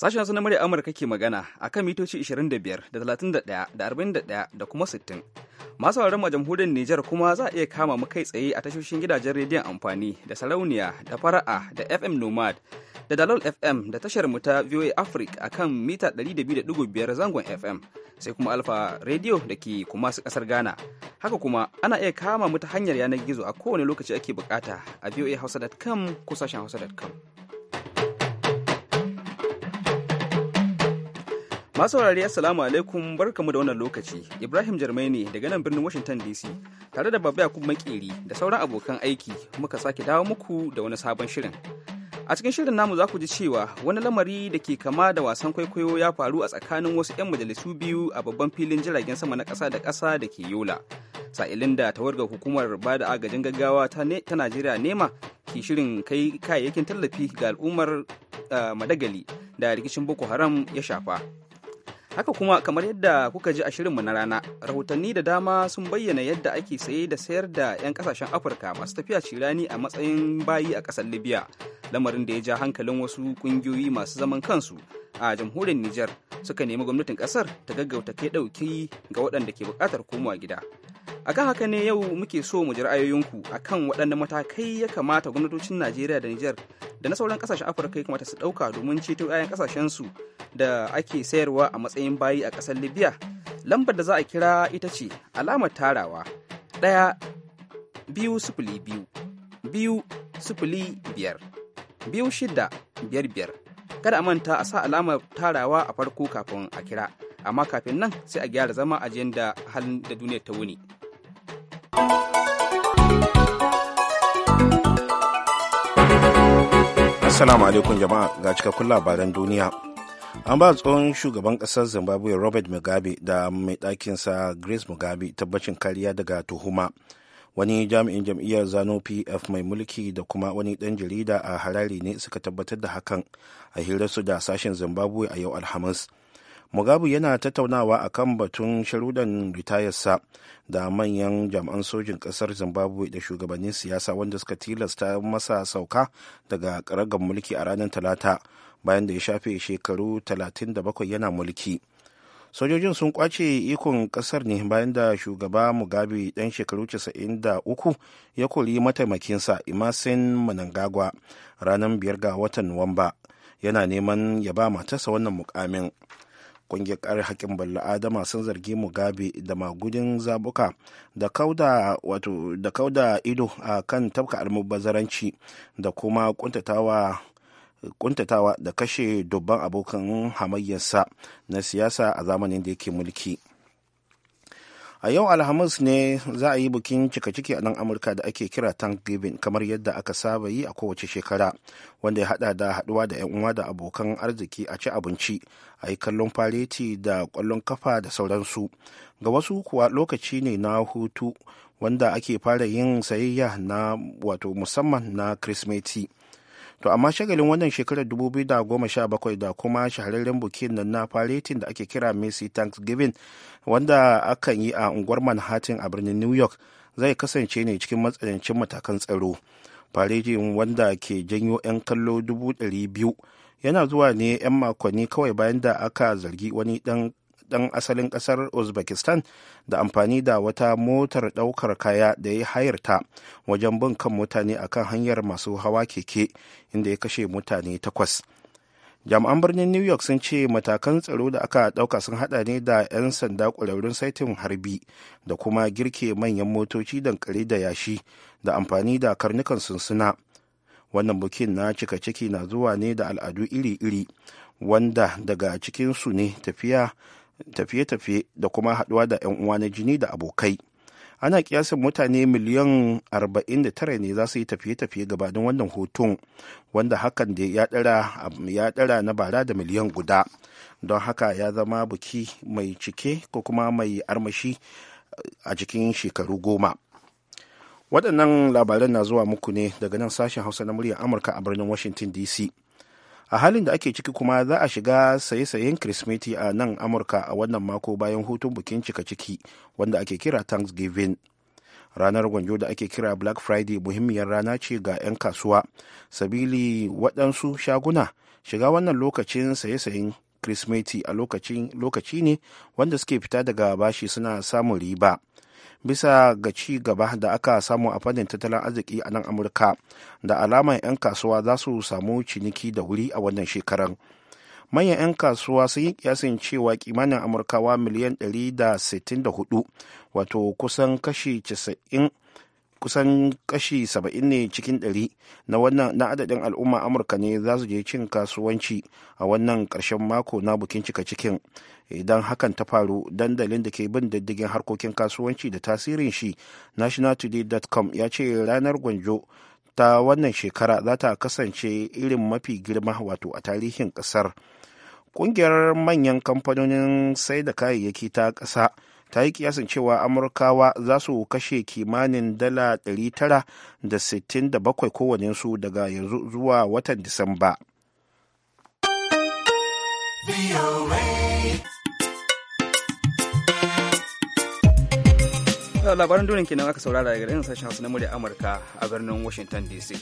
Sashen sunan murya Amurka ke magana a kan mitoci 25 da 31 da 41 da kuma 60. Masu sauraron jamhuriyar Nijar kuma za a iya kama mu kai tsaye a tashoshin gidajen rediyon amfani da sarauniya da fara'a da FM Nomad da Dalol FM da tashar mu ta VOA Africa a kan mita 200.5 zangon FM sai kuma Alfa Radio da ke kuma su kasar Ghana. Haka kuma ana iya kama mu ta hanyar yanar gizo a kowane lokaci ake bukata a voahausa.com ko sashen hausa.com. Masu saurari Assalamu alaikum barkamu da wannan lokaci. Ibrahim Jarmai ne daga nan birnin Washington DC tare da Babba Yakubu Makeri da sauran abokan aiki muka sake dawo muku da wani sabon shirin. A cikin shirin namu za ku ji cewa wani lamari da ke kama da wasan kwaikwayo ya faru a tsakanin wasu 'yan majalisu biyu a babban filin jiragen sama na ƙasa da ƙasa da ke Yola. Sa'ilin da tawargar hukumar ba da agajin gaggawa ta Najeriya nema ke shirin kai kayayyakin tallafi ga al'ummar eh, Madagali da rikicin Boko Haram ya shafa. haka kuma kamar yadda kuka ji a shirinmu na rana rahotanni da dama sun bayyana yadda ake saye da sayar da 'yan kasashen afirka masu tafiya cirani a matsayin bayi a ƙasar libya lamarin da ya ja hankalin wasu ƙungiyoyi masu zaman kansu a jamhuriyar niger suka nemi gwamnatin ƙasar ta gaggauta kai ɗauki ga waɗanda ke buƙatar komawa gida a akan haka ne yau muke so mu ji ra'ayoyinku a kan waɗanne matakai ya kamata gwamnatocin najeriya da nijar da na sauran kasashen afirka ya kamata su ɗauka domin ceto 'ya'yan su da ake sayarwa a matsayin bayi a ƙasar libya lambar da za a kira ita ce alamar tarawa ɗaya biyu sufuli biyu biyu sufuli biyar biyu shida biyar biyar kada a manta a sa alamar tarawa a farko kafin a kira amma kafin nan sai a gyara zama ajiyar da halin da duniyar ta wuni. Assalamu alaikum jama'a ga cikakkun labaran duniya. An ba tsohon shugaban ƙasar Zimbabwe Robert Mugabe da mai ɗakinsa Grace Mugabe tabbacin kariya daga tuhuma. Wani jami'in jam'iyyar Zano PF mai mulki da kuma wani ɗan jarida a harare ne suka tabbatar da hakan a hirarsu da sashen Zimbabwe a yau Alhamis. mugabe yana tattaunawa a kan batun sharuɗan ritayarsa da manyan jami'an sojin ƙasar zimbabwe da shugabannin siyasa wanda suka tilasta masa sauka daga ƙaragar mulki a ranar talata bayan da ya shafe shekaru 37 yana mulki sojojin sun kwace ikon kasar ne bayan da shugaba mugabe dan shekaru 93 ya kori mataimakinsa imasin manangagwa ranar biyar ga watan nuwamba yana neman ya ba matarsa wannan mukamin ƙungiyar kare haƙƙin adama sun zargi mugabe da magudin zabuka da kauda ido a kan tafka almubazzaranci da kuma kuntatawa kuntatawa da kashe dubban abokan hamayyarsa na siyasa a zamanin da yake mulki a yau alhamis ne za a yi bikin cika-ciki a nan amurka da ake kira thanksgiving kamar yadda aka saba yi a kowace shekara wanda ya hada da haduwa da 'yan uwa da abokan arziki a ci abinci a yi kallon fareti da kwallon kafa da sauransu ga wasu kuwa lokaci ne na hutu wanda ake fara yin sayayya na wato musamman na kirsimeti to amma shagalin wannan shekarar 2017 da kuma shahararren bukin nan na faretin da ake kira Macy thanksgiving wanda akan yi a unguwar manhattan a birnin new york zai kasance ne cikin matsanancin matakan tsaro faretin wanda ke janyo 'yan kallo 200,000 yana zuwa ne 'yan makonni kawai bayan da aka zargi wani dan ɗan asalin ƙasar uzbekistan da amfani da wata motar ɗaukar kaya da ya hayarta wajen bin kan mutane a kan hanyar masu hawa keke inda ya kashe mutane takwas jami'an birnin new york sun ce matakan tsaro da aka ɗauka sun haɗa ne da 'yan sanda ƙwararrun saitin harbi da kuma girke manyan motoci dankali da yashi da amfani da karnukan sunsuna wannan bukin na cika ciki na zuwa ne da al'adu iri-iri wanda daga cikinsu ne tafiya tafiye-tafiye da kuma haɗuwa da 'yan uwa na jini da abokai ana kiyasin mutane miliyan 49 ne za su yi tafiye-tafiye gabanin wannan hoton wanda hakan da ya ɗara na bara da miliyan guda don haka ya zama buki mai cike ko kuma mai armashi eh, a cikin shekaru goma waɗannan labaran na zuwa muku ne daga nan sashen hausa na murya amurka a birnin washington dc a halin da ake ciki kuma za a shiga saye-sayen kirsimeti a nan amurka a wannan mako bayan hutun bukin cika ciki wanda ake kira thanksgiving ranar gwanjo da ake kira black friday muhimmiyar rana ce ga 'yan kasuwa sabili waɗansu shaguna shiga wannan lokacin saye-sayen kirsimeti a lokaci ne wanda suke fita daga bashi suna samun riba bisa ga ci gaba da aka samu a fannin tattalin arziki a nan amurka da alamar 'yan kasuwa za su samu ciniki da wuri a wannan shekarar manyan 'yan kasuwa sun yi kiyasin cewa kimanin amurkawa miliyan 164 wato kusan kashi 90 kusan kashi 70 ne cikin 100 na wannan na adadin al'umma amurka ne za su je cin kasuwanci a wannan ƙarshen mako na bukin cika cikin idan hakan ta faru dandalin da ke bin diddigin harkokin kasuwanci da tasirin shi nationaltoday.com ya ce ranar gwanjo ta wannan shekara za ta kasance irin mafi girma wato a tarihin kasar ƙungiyar manyan kamfanonin sai da kayayyaki ta ƙasa ta yi kiyasin cewa amurkawa za su kashe kimanin dala 967 kowanensu daga yanzu zuwa watan disamba labaran duniya kenan aka saurara daga irin sashen hasu na murya amurka a birnin washington dc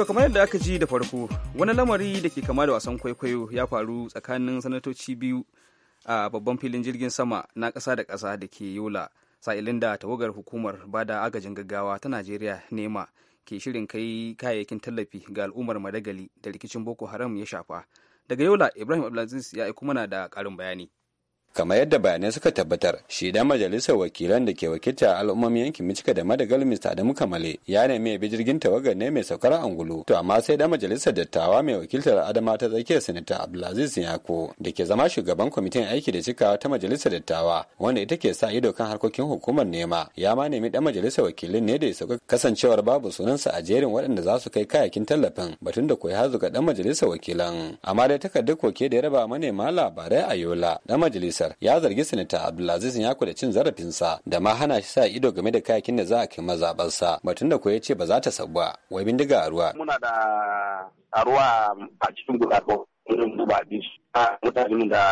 To kamar yadda aka ji da farko, wani lamari da ke kama da wasan kwaikwayo ya faru tsakanin sanatoci biyu a babban filin jirgin sama na ƙasa da ƙasa da ke Yola, sa'ilin da tawagar hukumar bada agajin gaggawa ta Najeriya nema ke shirin kai kayayyakin tallafi ga al'ummar Madagali da rikicin Boko Haram ya shafa. Daga Yola, Ibrahim Abdulaziz ya aiko mana da ƙarin bayani. kamar yadda bayanai suka tabbatar shi dan majalisar wakilan da ke wakilta al'ummomi yankin Michigan da Madagal Mr. Adamu Kamale ya nemi bi jirgin tawagar ne mai saukar angulu to amma sai dan majalisar dattawa mai wakiltar Adama ta tsakiyar Sanata Abdulaziz Yako da ke zama shugaban kwamitin aiki da cikawa ta majalisar dattawa wanda ita ke sa ido kan harkokin hukumar nema ya ma nemi dan majalisar wakilin ne da ya sauka kasancewar babu sunansa a jerin waɗanda za su kai kayakin tallafin batun da koyi hazuka dan majalisar wakilan amma dai takardar koke da ya raba manema labarai a Yola dan majalisar majalisar ya zargi sanata abdulaziz ya da cin zarafinsa da ma hana shi sa ido game da kayakin da za a kai mazaɓarsa batun da ko ya ce ba za ta sabuwa wai bindiga a ruwa. muna da a ruwa a cikin gudakon irin duba abinci a mutanen da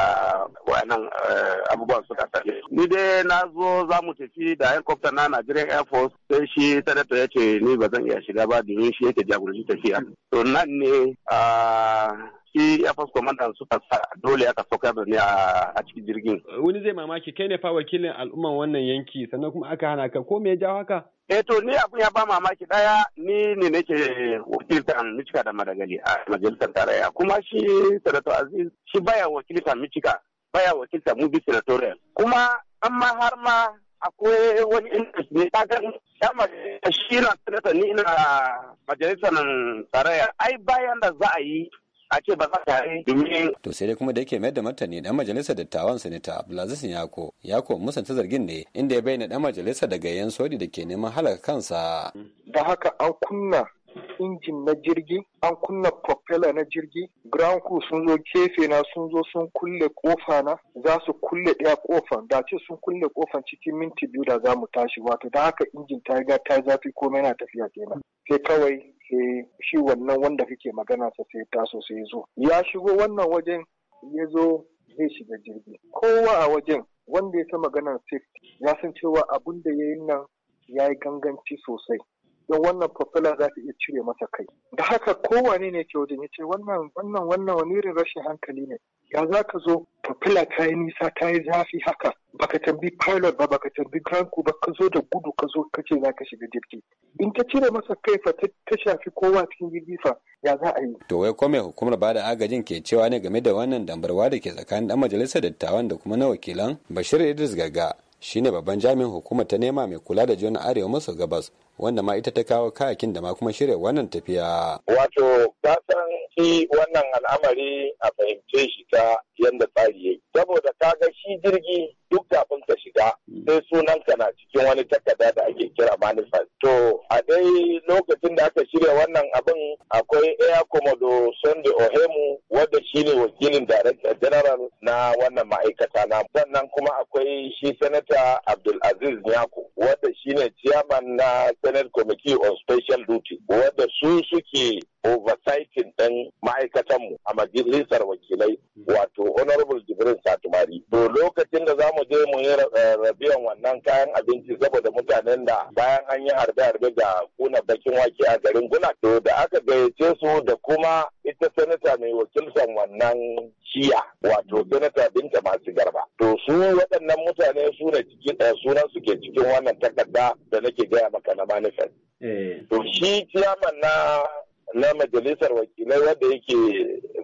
wayannan eh, abubuwan suka same ni dai na zo za mu tafi da helicopter na Nigerian Air Force sai shi sanato ya ce ni ba zan iya shiga ba domin shi yake jagoranci tafiya to nan ne ah, shi ya fasu komandan suka sa dole aka saukar da ni a cikin jirgin eh, wani zai mamaki kai ne fa wakilin al'umman wannan yanki sannan kuma aka hana ka ko me ya jawo haka eh to ni abin ya ba mamaki daya ni ne nake a michika da madagali a majalisar tarayya kuma shi sanato aziz shi baya wakiltan michika baya wakiltan mubi senatorial kuma amma har ma akwai wani interest ne ta kan shi na sanata ni ina majalisar tarayya ai bayan da za a yi a ce ba za tare domin. To sai dai kuma da yake mayar da martani dan majalisar dattawan sanita Abdulaziz Yako ya ko ta zargin ne inda ya bayyana dan majalisa daga yan sodi da ke neman halaka kansa. Da haka an kunna injin na jirgi an kunna propeller na jirgi ground crew sun zo kefe na sun zo sun kulle kofa na za su kulle ɗaya kofan da ce sun kulle kofan cikin minti biyu da za mu tashi wato da haka injin ta riga ta zafi komai na tafiya kenan sai kawai sai shi wannan wanda kake magana sa sai taso sai zo ya shigo wannan wajen ya zo zai shiga jirgi kowa a wajen wanda ya san maganar safety ya san cewa abin da ya yi nan ya yi ganganci sosai don wannan fafila za ta iya cire masa kai da haka kowane ne ke wajen ya ce wannan wannan wannan wani irin rashin hankali ne ya za ka zo fafila ta yi nisa ta yi zafi haka baka tambi pilot ba baka tambi kanku ba ka zo da gudu ka zo ka ce za ka shiga jirgi in ta cire masa kai fa ta shafi kowa cikin jirgi fa ya za a yi. to wai ko mai hukumar ba da agajin ke cewa ne game da wannan dambarwa da ke tsakanin dan majalisar dattawan da kuma na wakilan bashir idris gaga shine babban jami'in hukumar ta nema mai kula da juna arewa maso gabas wanda ma ita ta kawo kayakin da ma kuma shirya wannan tafiya. wato kasan Eh, wannan al'amari a fahimce shi ta yadda tsari yi. saboda kaga shi jirgi duk kafin ka shiga hmm. sai sunan ka na cikin wani takarda da ake kira manifest to a dai lokacin da aka shirya wannan abin akwai air komodo sunday ohemu wadda shine wakilin director general na wannan ma'aikata na sannan kuma akwai shi senator abdulaziz nyako wadda shine chairman na senate committee on special duty wadda su suke oversighting ɗin ma'aikatanmu a majalisar wakilai hmm. wato honorable jibrin satumari to lokacin da zamu je mu yi eh, rabiyan wannan kayan abinci saboda mutanen da bayan an yi harbe-harbe da kuna bakin wake a garin guna to da aka gayyace su da kuma ita senator mai wakiltan wannan shiya wato senator binta masu garba to su waɗannan mutane su ne eh, sunan su ke cikin wannan takarda da nake gaya maka na manifest eh. to shi ciyaman na na majalisar wakilai wanda yake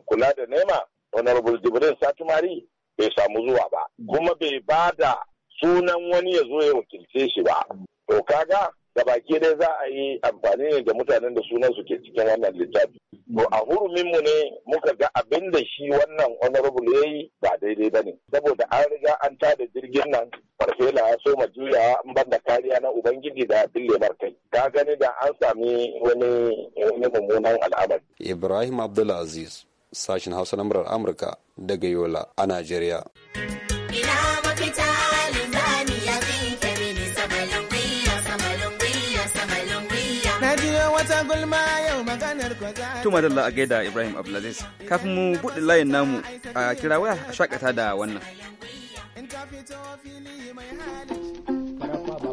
kula da nema honorable jibrin satumari bai samu zuwa ba kuma bai ba da sunan wani ya zo ya wakilce shi ba to kaga da baki dai za a yi amfani ne da mutanen da sunan su ke cikin wannan littafi to a hurumin mu ne muka ga abin da shi wannan honorable ya yi ba daidai ba ne saboda an riga an tada jirgin nan farfela ya so ma juya an ban da kariya na ubangiji da bille kai ka gani da an sami wani mummunan al'amari ibrahim abdulaziz sashen Hausa na murar Amurka daga Yola a Najeriya. na wata gulma yau maganar Tuma da a gaida Ibrahim Abdulaziz. Kafin mu buɗe layin namu a kira waya a shakata da wannan. In ta fito fili mai hali. Barakwa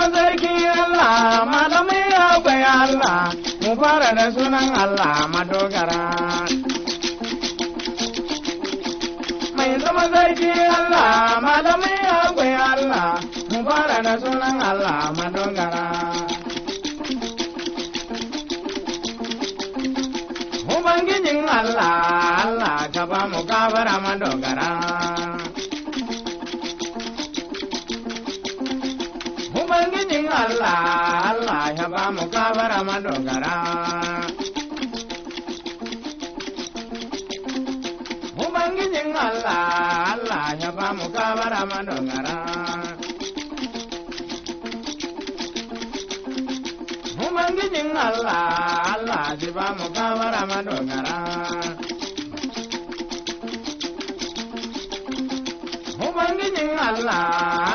zama sarki Allah malamai akwai Allah mu fara da sunan Allah madogara. Mai zama sarki Allah malamai akwai Allah mu fara da sunan Allah madogara. Ubangijin Allah Allah gaba mu gabara madogara. Allah Allah ya ba mu kabara madogara Ubangijin Allah Allah ya ba mu kabara madogara Ubangijin Allah Allah ya ba mu kabara madogara Ubangijin Allah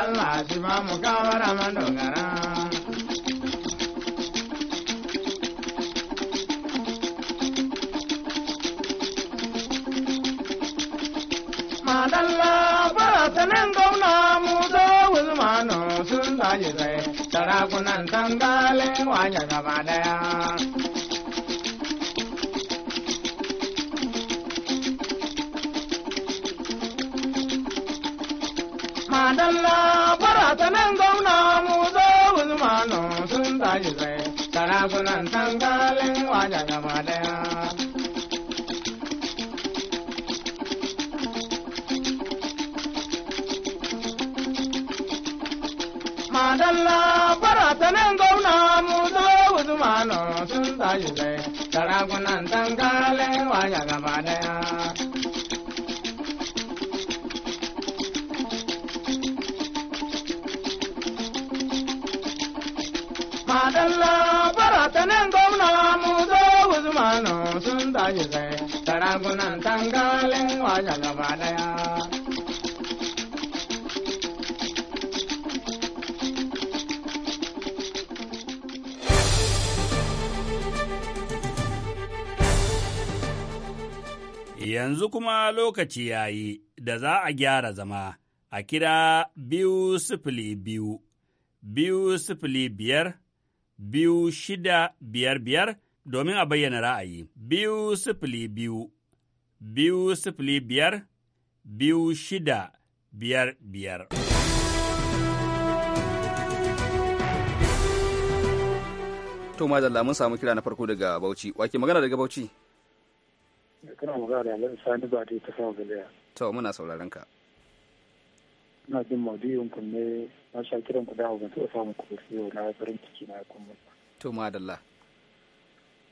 Allah ya ba mu kabara madogara sarakunan kangalin wanya gaba daya. Madalla farata nan zauna mu zo Usmanu sun tashi tsaye, sarakunan kangalin wanya gaba daya. madalla kunan tangale waya gaba daya. Madalla baratanen gwamna mu zo Usmanu sun tashi sai, kunan tangalin waya gaba daya. Yanzu kuma lokaci ya yi da za a gyara zama a kira biyu sifili biyu, biyu sifili biyar, biyu shida biyar biyar domin a bayyana ra'ayi. Biyu sifili biyu, biyu sifili biyar, biyu shida biyar biyar. To, da mun samu kira na farko daga Bauchi. Wake magana daga Bauchi? kana magana da Alhaji Sani ba ta sama Biliya. To muna sauraron ka. Na jin maudu'in ku ne na sha kiran ku da hau taɓa samun ku yau na farin ciki na kun mutu. To madalla.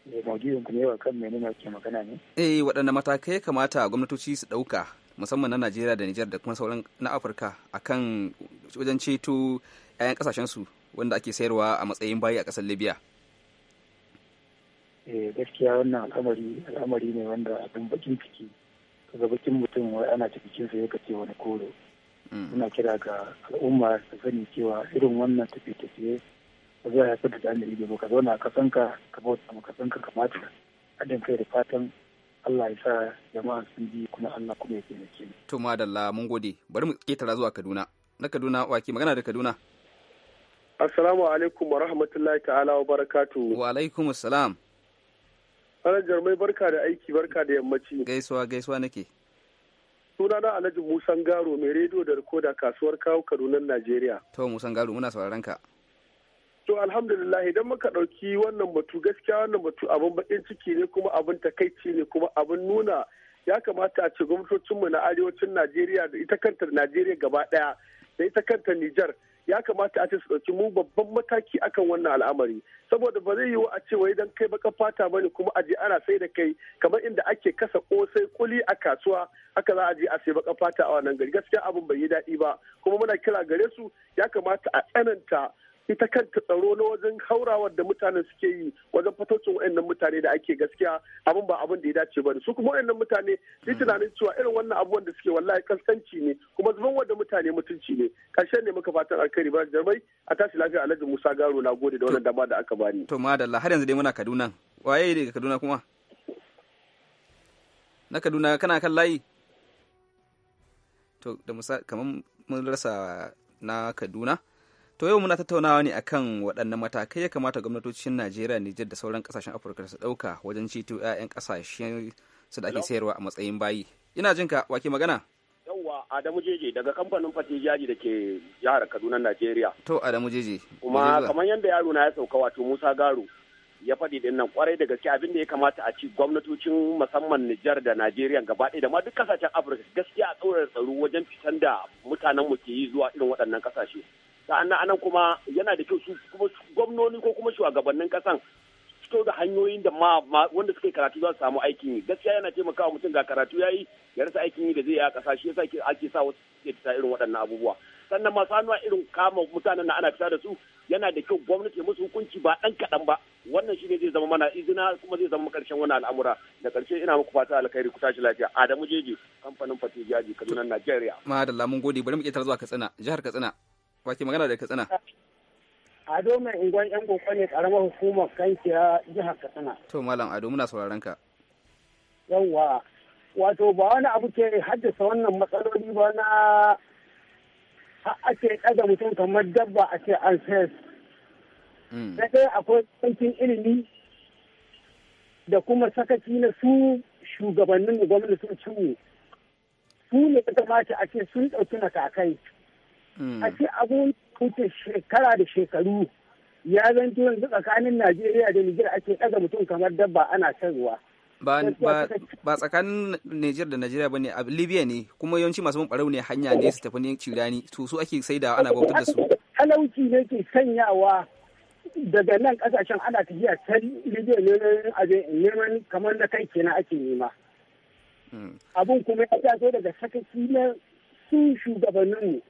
Me eh, maudu'in ku ne wa kan menene ke magana ne? Eh waɗanne matakai kamata gwamnatoci su ɗauka musamman na Najeriya da Nijar da kuma sauran na Afirka akan wajen ceto 'ya'yan kasashensu wanda ake sayarwa a matsayin bayi a ƙasar Libya. Eh, gaskiya wannan al'amari al'amari ne wanda abin bakin ciki kaga bakin mutum wai ana cikin sa yake ce wani koro mm. muna kira ga al'umma su sani cewa irin wannan tafi tafiye ba a haifar da jami'ai ba ka zauna a kasan ka ka bauta ma ka kamata haɗin kai da fatan Allah ya sa jama'a sun ji kuma Allah kuma ya taimake mu. To madalla mun gode bari mu ketara zuwa Kaduna na Kaduna waki magana da Kaduna. Assalamu alaikum wa rahmatullahi ta'ala wa barakatuhu. Wa alaikum assalam. Sanar mai barka da aiki barka da yammaci. Gaisuwa gaisuwa nake. na Alhaji Musan Garo mai rediyo da rikoda kasuwar kawo Kaduna Najeriya. To Musan Garo muna sauraron ka. To alhamdulillah idan muka ɗauki wannan batu gaskiya wannan batu abin bakin ciki ne kuma abin takaici ne kuma abin nuna ya kamata a ce gwamnatocinmu na arewacin Najeriya da ita kanta Najeriya gaba ɗaya da ita kanta Nijar ya kamata a ce su ɗauki mu babban mataki akan wannan al'amari saboda ba zai yiwu a ce wai dan kai baka fata bane kuma a je ana sai da kai kamar inda ake kasa kosai kuli a kasuwa haka za a je a sai baka fata a wannan gari gaskiya abin bai yi daɗi ba kuma muna kira gare su ya kamata a tsananta ita kanta tsaro na wajen haurawar da mutane suke yi wajen fatocin wayannan mutane da ake gaskiya abin ba abin da ya dace ba su kuma wayannan mutane su tunanin cewa irin wannan abubuwan da suke wallahi kaskanci ne kuma zuban wanda mutane mutunci ne karshen ne muka fatan alkhairi ba jarmai a tashi lafiya alhaji musa garo na gode da wannan dama da aka bani to madalla har yanzu dai muna kaduna waye daga kaduna kuma na kaduna kana kan layi to da musa kamar mun rasa na kaduna to yau muna tattaunawa ne akan waɗannan matakai ya kamata gwamnatocin najeriya nijar da sauran kasashen afirka su ɗauka wajen ceto 'ya'yan kasashen su da ake sayarwa a matsayin bayi ina jin ka wake magana yawwa adamu jeje daga kamfanin fatijaji da ke jihar kaduna najeriya to adamu jeje kuma kamar yadda yaro na ya sauka wato musa garu ya faɗi din nan kwarai da gaske abin da ya kamata a ci gwamnatocin musamman Nijar da Najeriya gaba ɗaya da ma duk kasashen Afirka gaskiya a tsaurara tsaro wajen fitan da mutanen mu ke yi zuwa irin waɗannan kasashe. sa'annan anan kuma yana da kyau su gwamnoni ko kuma shugabannin kasan fito da hanyoyin da ma wanda suka karatu za su samu aikin yi gaskiya yana taimakawa mutum ga karatu yayi ya rasa aikin yi da zai yi a ƙasa shi yasa ake sa wasu ke fita irin waɗannan abubuwa sannan masu hannuwa irin kama mutanen na ana fita da su yana da kyau gwamnati musu hukunci ba ɗan kaɗan ba wannan shi ne zai zama mana izina kuma zai zama ƙarshen wani al'amura da ƙarshe ina muku fata alkhairi ku tashi lafiya adamu jeji kamfanin fatijiyaji kaduna najeriya madalla mun gode bari mu ƙetare zuwa katsina jihar katsina wake magana da katsina ado mai ingon yan gogo ne karamar hukumar kankiya jihar katsina to malam ado muna sauraron ka yawwa wato ba wani abu ke haddasa wannan matsaloli ba na ake ɗaga mutum kamar dabba a ce an sayar na mm. ɗaya akwai karancin ilimi da kuma sakaki na su shugabannin da gwamnatocin su ne ta kamata a ce sun ɗauki kakai. a ce mm. abun wuce shekara da shekaru ya zanto yanzu tsakanin najeriya da nijar ake ɗaga mutum kamar dabba ana sarwa ba tsakanin nijar da najeriya ba ne a libya ne kuma yawanci masu mun ne hanya ne su tafi ne cirani to su ake saidawa ana bautar da su talauci ne ke sanyawa daga nan kasashen ana tafiya ta libya neman kamar na kai kenan ake nema mm. abun kuma ya zo daga sakaki na su shugabanninmu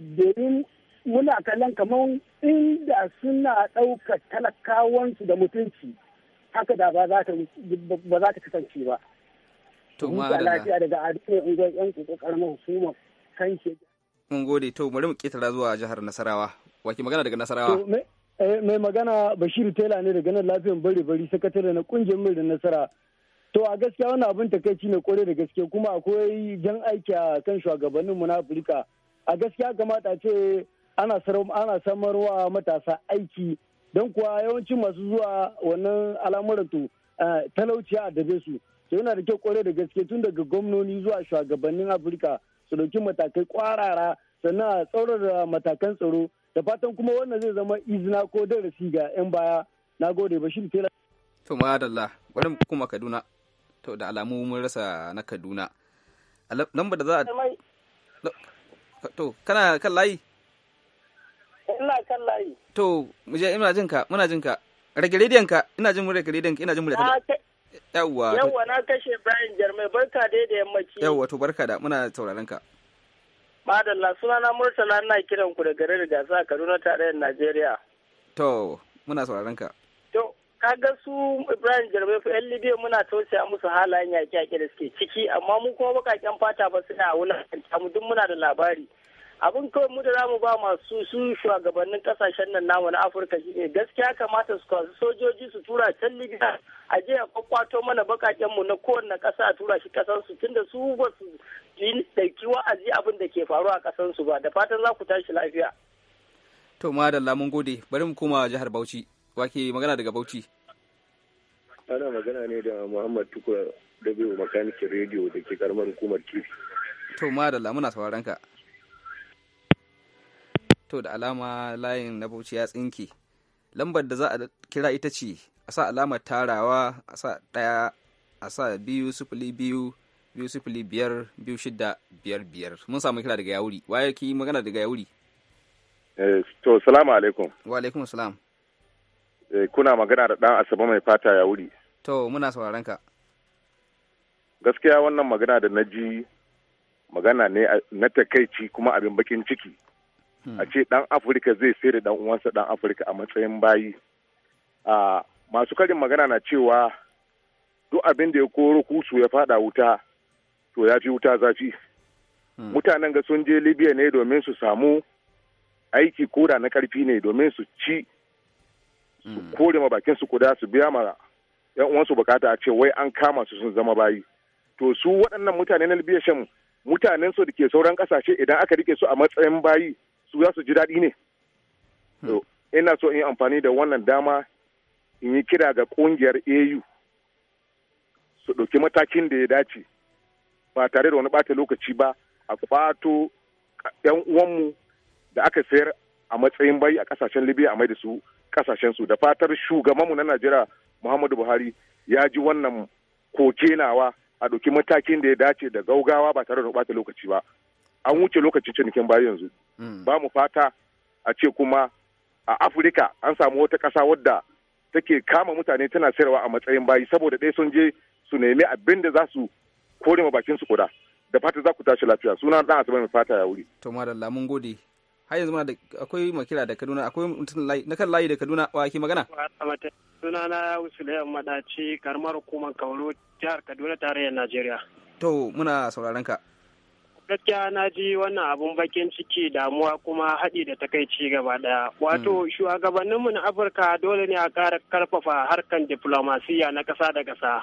domin muna kallon kamar inda suna ɗaukar talakawansu da mutunci haka da ba za ta kasance ba. To ma da lafiya daga adalci unguwar yan kuku karamar hukumar kan ke. Mun gode to bari mu ketara zuwa jihar Nasarawa. Waki magana daga Nasarawa. Eh, mai magana Bashir Tela ne daga nan lafiyan bari bari sakatare na kungiyar mai da nasara. To a gaskiya wani abin takaici ne kore da gaske kuma akwai jan aiki a kan shugabanninmu na Afirka. a gaskiya kamata ce ana samar samarwa matasa aiki don kuwa yawancin masu zuwa wannan al'amuran to eh, talauci a dabe su to yana da kyau kware da gaske tun daga gwamnoni zuwa shugabannin afirka su dauki matakai kwarara sannan a da matakan tsaro da fatan kuma wannan zai zama izina ko darasi ga 'yan baya na gode shi tela to madalla bari mu kuma kaduna to da alamu mun rasa na kaduna lambar da za a To, kana kan layi? Ina kan layi. To, muje ina jin ka, muna jin ka. Rage rediyon ka, ina jin rage rediyon ka, ina jin murya ka. Yawwa. Yawwa na kashe Brian Jarmai, barka dai da yammaci. Yawwa, to barka da, muna sauraron ka. Madalla, suna na Murtala ina kiran ku da garin gasa a Kaduna tarayyar Najeriya. To, muna sauraron ka. kaga su ibrahim ko yan libya muna tausaya musu halayen yaƙi yaƙi da suke ciki amma mu kuma baƙaƙen fata ba suna wulakanta mu duk muna da labari abin kawai mu da zamu ba masu su shugabannin kasashen nan namu na afirka shine gaskiya kamata su kawo sojoji su tura can libya a je a kwakwato mana baƙaƙen mu na kowanne ƙasa a tura shi ƙasar su tunda su ba su ɗauki wa'azi abin da ke faruwa a ƙasar su ba da fatan za ku tashi lafiya. to madalla mun gode bari mu koma jihar bauchi. wake magana daga Bauchi. Ana magana ne da Muhammad Tukura Dabewa makanikin rediyo da ke karamar hukumar kifi. To madalla muna sauran ka. To da alama layin na Bauchi ya tsinke. Lambar da za a kira ita ce a sa alamar tarawa a sa ɗaya a sa biyu sufuli biyu biyu sufuli biyar biyu shida biyar biyar mun samu kira daga yawuri waye ki magana daga yawuri. Eh, to salamu alaikum wa alaikum salam Eh, kuna magana da ɗan Asabe mai fata ya wuri. To, muna sauraron ka. Gaskiya wannan magana da na ji magana ne na takaici kuma abin bakin ciki. Hmm. A ce ɗan Afirka zai sayar da ɗan uwansa ɗan Afirka a matsayin bayi. Masu karin magana na cewa duk abin da ya koro kusu ya fada wuta, to ya fi wuta zafi. Hmm. Mutanen ga sun je Libya ne domin su samu aiki koda na karfi ne domin su ci Mm. su kore ma bakin su kuda su biya ma yan uwansu bukata a ce wai an kama su sun zama bayi to su waɗannan mutane na libya shan mutanen su da ke sauran kasashe idan aka rike su a matsayin bayi su za su ji daɗi ne hmm. ina so in amfani da wannan dama in yi kira ga ƙungiyar au su ɗauki matakin da ya dace ba tare da wani bata lokaci ba a kwato 'yan uwanmu da aka sayar a matsayin bayi a ƙasashen libya a mai da su kasashensu da fatar shugabanmu na najeriya muhammadu buhari ya ji wannan kokenawa a ɗauki matakin da ya dace da gaugawa ba tare da ɓata lokaci ba an wuce lokacin cinikin baya yanzu mm. ba mu fata a ce kuma a afirka an samu wata ƙasa wadda take kama mutane tana sayarwa a matsayin bayi saboda ɗaya sun je su nemi abin da za su kore ma bakin su kuda da fata za ku tashi lafiya suna dan asabe mai fata ya wuri to madalla mun gode har yanzu mana akwai makira da Kaduna akwai mutum na kan layi da Kaduna wa ke magana suna na Usulayan Madaci karamar hukumar Kauro jihar Kaduna tarayyar Najeriya to muna sauraron ka gaskiya na ji wannan abun bakin ciki damuwa kuma haɗi da takaici gaba ɗaya. Wato hmm. shugabanninmu na Afirka dole ne a ƙara karfafa harkan diflomasiya na ƙasa da ƙasa.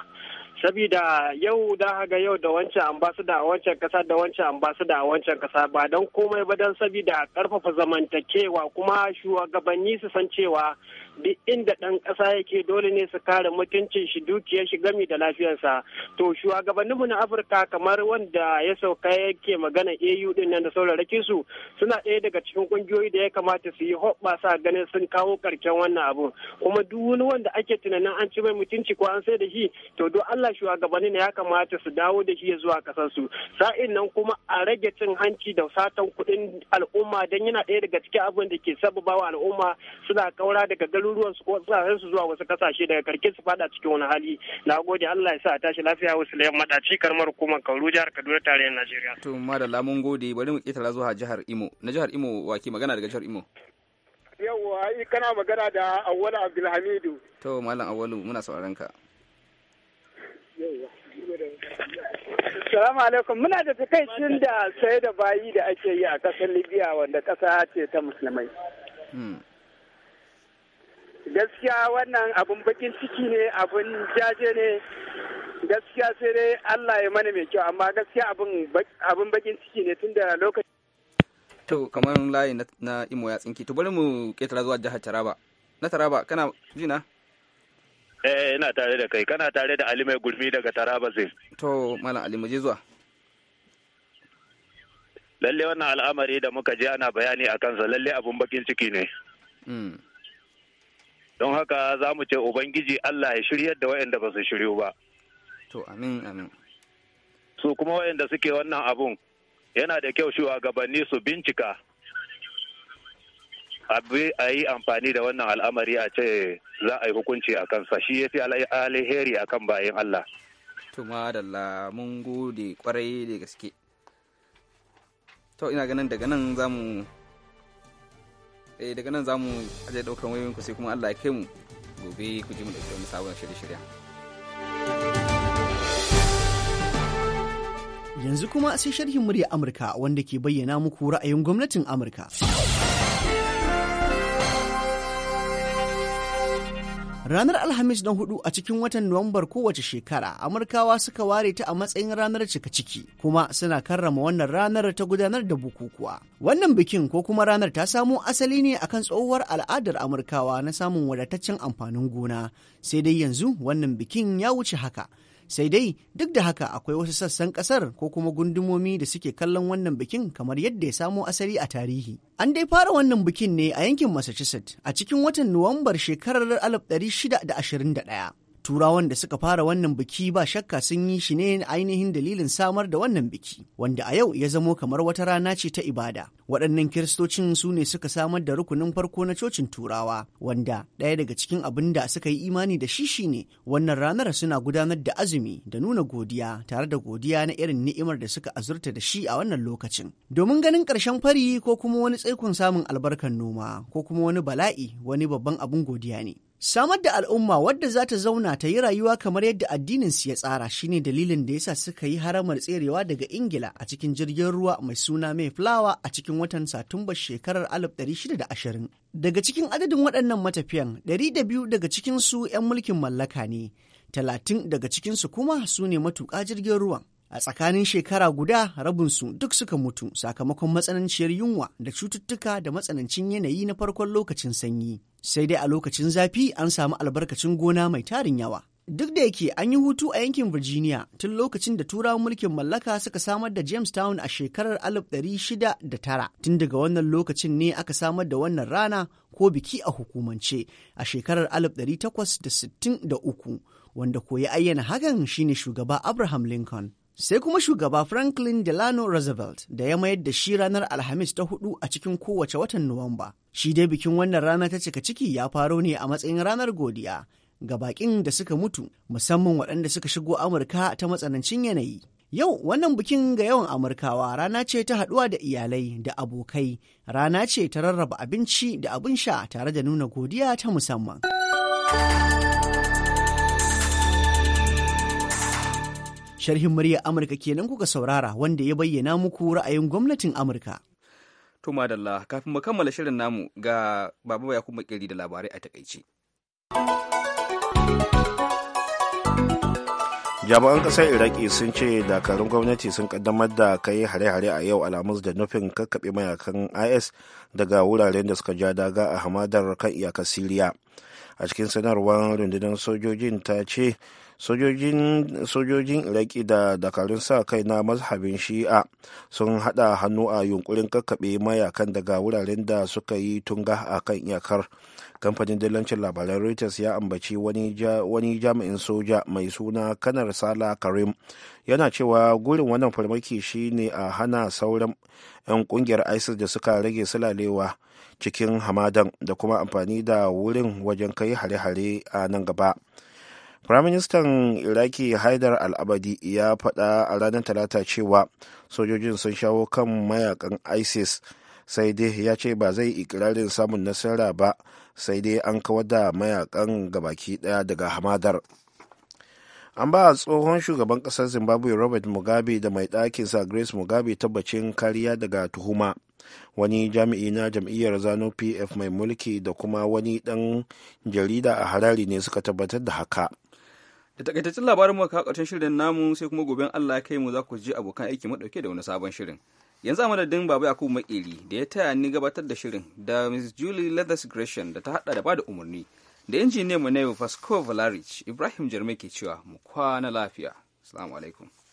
Sabida yau da haga yau da wancan ambasada a wancan ƙasa da wancan ambasada a wancan ƙasa ba don komai ba don sabida karfafa zamantakewa kuma shugabanni su san cewa duk inda ɗan ƙasa yake dole ne su kare mutuncin shi dukiyar shi gami da lafiyarsa to shugabanninmu na afirka kamar wanda ya sauka yake magana au din nan da saurarake su suna ɗaya daga cikin ƙungiyoyi da ya kamata su yi sa ganin sun kawo ƙarshen wannan abu kuma duk wani wanda ake tunanin an ci mai mutunci ko an sai da shi to don allah shugabannin ya kamata su dawo da shi ya zuwa ƙasarsu sa'in nan kuma a rage cin hanci da satan kuɗin al'umma don yana ɗaya daga cikin abin da ke sababawa al'umma suna kaura daga garuruwan su ko tsarin su zuwa wasu kasashe daga karke su fada cikin wani hali na gode Allah ya sa a tashi lafiya wasu layan madaci karamar hukumar Kauru jihar Kaduna tarayyar Najeriya to madalla mun gode bari mu ketara zuwa jihar Imo na jihar Imo wake magana daga jihar Imo yawwa ai kana magana da Awwalu Abdulhamidu to malam Awwalu muna sauraron ka Salamu alaikum muna da takaicin da sai da bayi da ake yi a ƙasar Libya wanda ƙasa ce ta musulmai. Hmm. gaskiya wannan abun bakin ciki ne abun jaje ne gaskiya sai dai Allah ya mana mai kyau amma gaskiya abun bakin ciki ne tunda lokaci to kamar layi na imo ya tsinki to bari mu ketara zuwa jihar Taraba na Taraba kana jina eh ina tare da kai kana tare da Ali mai gurmi daga Taraba zai to malam Ali mu je zuwa lalle wannan al'amari da muka ji ana bayani a kansa lalle abun bakin ciki ne hmm. don haka za mu ce ubangiji allah ya shiryar da waɗanda ba su shiryu ba to amin amin su kuma wayanda suke wannan abun yana da kyau shugabanni su bincika a yi amfani da wannan al'amari a ce za a yi hukunci a kansa shi ya fi alheri a kan bayan Allah. Tuma da mun gode kwarai da gaske. To ina ganin daga nan za mu eh daga nan zamu ajiye daukar wayoyin ku sai kuma Allah ya kai mu gobe ku ji mu dauke wani sabon shirye-shiryen yanzu kuma sai sharhin murya Amurka wanda ke bayyana muku ra'ayin gwamnatin Amurka Ranar Alhamis na hudu a cikin watan Nuwambar kowace shekara, Amurkawa suka ware ta a matsayin ranar cika ciki, kuma suna karrama wannan ranar ta gudanar da bukukuwa. Wannan bikin ko kuma ranar ta samo asali ne akan tsohuwar al'adar Amurkawa na samun wadataccen amfanin gona, sai dai yanzu wannan bikin ya wuce haka. sai dai duk da haka akwai wasu sassan kasar ko kuma gundumomi da suke kallon wannan bikin kamar yadda ya samo asali a tarihi an dai fara wannan bikin ne a yankin massachusetts a cikin watan nuwambar shekarar 1621 turawan da suka fara wannan biki ba shakka sun yi shi ne ainihin dalilin samar da wannan biki wanda a yau ya zamo kamar wata rana ce ta ibada waɗannan kiristocin su ne suka samar da rukunin farko na cocin turawa wanda ɗaya daga cikin abin da suka yi imani da shi shine wannan ranar suna gudanar da azumi da nuna godiya tare da godiya na irin ni'imar da suka azurta da shi a wannan lokacin domin ganin ƙarshen fari ko kuma wani tsaikon samun albarkar noma ko kuma wani bala'i wani babban abin godiya ne Samar da al'umma wadda za ta zauna ta yi rayuwa kamar yadda addininsu ya tsara shi ne dalilin da yasa suka yi haramar tserewa daga Ingila a cikin jirgin ruwa mai suna Mayflower a cikin watan Satumba shekarar 1620. Daga cikin adadin waɗannan matafiyan, ɗari da biyu daga cikinsu 'yan mulkin mallaka ne, Talatin daga cikinsu kuma su ne matuƙa jirgin ruwan. A tsakanin shekara guda rabinsu duk suka mutu sakamakon matsananciyar yunwa da cututtuka da matsanancin yanayi na farkon lokacin sanyi. sai dai a lokacin zafi an samu albarkacin gona mai tarin yawa. Duk da yake an yi hutu a yankin Virginia tun lokacin da turawan mulkin mallaka suka samar da Jamestown a shekarar 1609. Tun daga wannan lokacin ne aka samar da wannan rana ko biki a hukumance a shekarar 1863 wanda koyi ayyana hakan shine shugaba Abraham Lincoln. sai kuma shugaba Franklin Delano Roosevelt da ya mayar da shi ranar Alhamis ta hudu a cikin kowace watan Nuwamba. Shi dai bikin wannan rana ta cika ciki ya faro ne a matsayin ranar godiya ga baƙin da suka mutu musamman waɗanda suka shigo Amurka ta matsanancin yanayi. Yau wannan bikin ga yawan Amurkawa rana ce ta haɗuwa da iyalai da abokai, rana ce ta rarraba abinci da abin sha tare da nuna godiya ta musamman. Sharhin murya Amurka kenan kuka saurara wanda ya bayyana muku ra'ayin gwamnatin Amurka. To madalla kafin mu kammala shirin namu ga Baba ya kuma da labarai a takaice. jami'an ƙasar iraki sun ce dakarun gwamnati sun kaddamar da kai hare-hare a yau alamus da nufin kakkaɓe mayakan is daga wuraren da suka ja daga a hamadar kan iyakar siriya a cikin sanarwar rundunar sojojin ta ce sojojin iraki da dakarun sa kai na mazhabin shi'a sun hada hannu a yunkurin kakkaɓe mayakan daga wuraren da suka yi tunga a kan iyakar kamfanin dillancin labaran reuters ya ambaci wani jami'in soja mai suna kanar sala karim yana cewa gurin wannan farmaki shine a hana sauran 'yan kungiyar isis da suka rage silalewa cikin hamadan da kuma amfani da wurin wajen kai hare-hare a nan gaba firaministan iraki haidar al'abadi ya faɗa a ranar talata cewa sojojin sun shawo kan mayakan isis sai dai ya ce ba zai ikirarin samun nasara ba sai dai an kawar da mayakan gabaki daya daga hamadar an ba tsohon shugaban kasar zimbabwe robert mugabe da mai ɗakinsa grace mugabe tabbacin kariya daga tuhuma wani jami'i na jam'iyyar zano pf mai mulki da kuma wani ɗan jarida a harare ne suka tabbatar da haka da takaitaccen labarin mu ka karshen shirin namu sai kuma gobe Allah ya kai mu za ku ji abokan aiki mu dauke da wani sabon shirin yanzu a madadin baba yakubu makeri da ya taya ni gabatar da shirin da miss julie leathers gresham da ta hada da bada umarni da injiniyan mu na yau vasco valarich ibrahim jarme ke cewa mu kwana lafiya assalamu alaikum